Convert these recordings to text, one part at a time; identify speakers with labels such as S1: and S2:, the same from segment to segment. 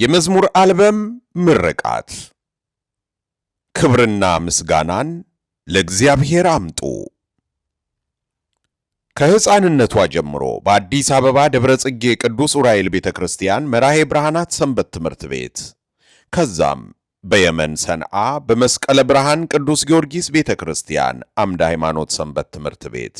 S1: የመዝሙር አልበም ምርቃት ክብርና ምስጋናን ለእግዚአብሔር አምጡ። ከሕፃንነቷ ጀምሮ በአዲስ አበባ ደብረ ጽጌ ቅዱስ ዑራኤል ቤተ ክርስቲያን መራሄ ብርሃናት ሰንበት ትምህርት ቤት ከዛም በየመን ሰንዓ በመስቀለ ብርሃን ቅዱስ ጊዮርጊስ ቤተ ክርስቲያን አምደ ሃይማኖት ሰንበት ትምህርት ቤት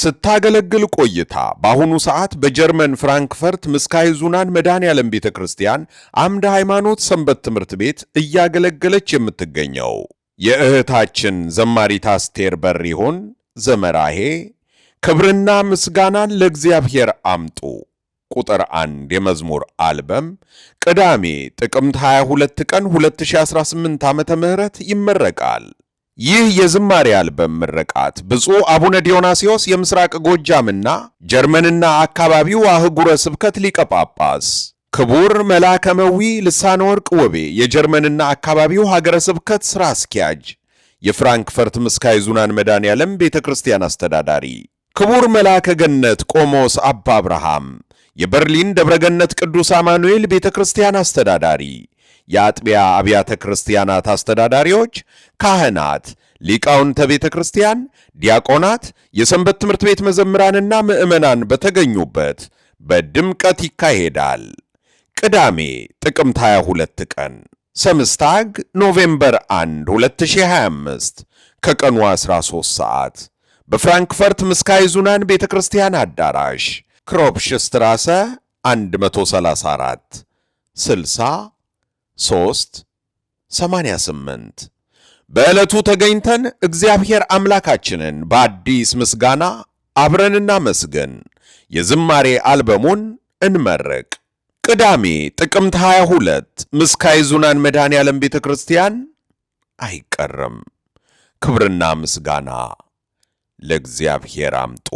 S1: ስታገለግል ቆይታ በአሁኑ ሰዓት በጀርመን ፍራንክፈርት ምስካየ ኅዙናን መድኃኔዓለም ቤተ ክርስቲያን አምደ ሃይማኖት ሰንበት ትምህርት ቤት እያገለገለች የምትገኘው የእህታችን ዘማሪት አስቴር ይሆን ዘመራሄ ክብርና ምስጋናን ለእግዚአብሔር አምጡ ቁጥር አንድ የመዝሙር አልበም ቅዳሜ ጥቅምት 22 ቀን 2018 ዓ ም ይመረቃል። ይህ የዝማሬ አልበም ምረቃት ብፁዕ አቡነ ዲዮናስዮስ የምስራቅ ጎጃምና ጀርመንና አካባቢው አህጉረ ስብከት ሊቀ ጳጳስ፣ ክቡር መልአከ መዊ ልሳነ ወርቅ ውቤ የጀርመንና አካባቢው ሀገረ ስብከት ሥራ አስኪያጅ፣ የፍራንክፈርት ዙናን ኅዙናን መድኃኔዓለም ቤተ ክርስቲያን አስተዳዳሪ፣ ክቡር መልአከ ገነት ቆሞስ አባ አብርሃም የበርሊን ደብረገነት ቅዱስ አማኑኤል ቤተ ክርስቲያን አስተዳዳሪ የአጥቢያ አብያተ ክርስቲያናት አስተዳዳሪዎች፣ ካህናት፣ ሊቃውንተ ቤተ ክርስቲያን፣ ዲያቆናት፣ የሰንበት ትምህርት ቤት መዘምራንና ምዕመናን በተገኙበት በድምቀት ይካሄዳል። ቅዳሜ ጥቅምት 22 ቀን ሰምስታግ ኖቬምበር 1 2025 ከቀኑ 13 ሰዓት በፍራንክፈርት ምስካይ ዙናን ቤተ ክርስቲያን አዳራሽ ስትራሰ 134 60 ሶስት ሰማንያ ስምንት በዕለቱ ተገኝተን እግዚአብሔር አምላካችንን በአዲስ ምስጋና አብረን እናመስግን። የዝማሬ አልበሙን እንመርቅ። ቅዳሜ ጥቅምት 22 ምስካየ ኅዙናን መድኃኔዓለም ቤተ ክርስቲያን አይቀርም። ክብርና ምስጋና ለእግዚአብሔር አምጡ።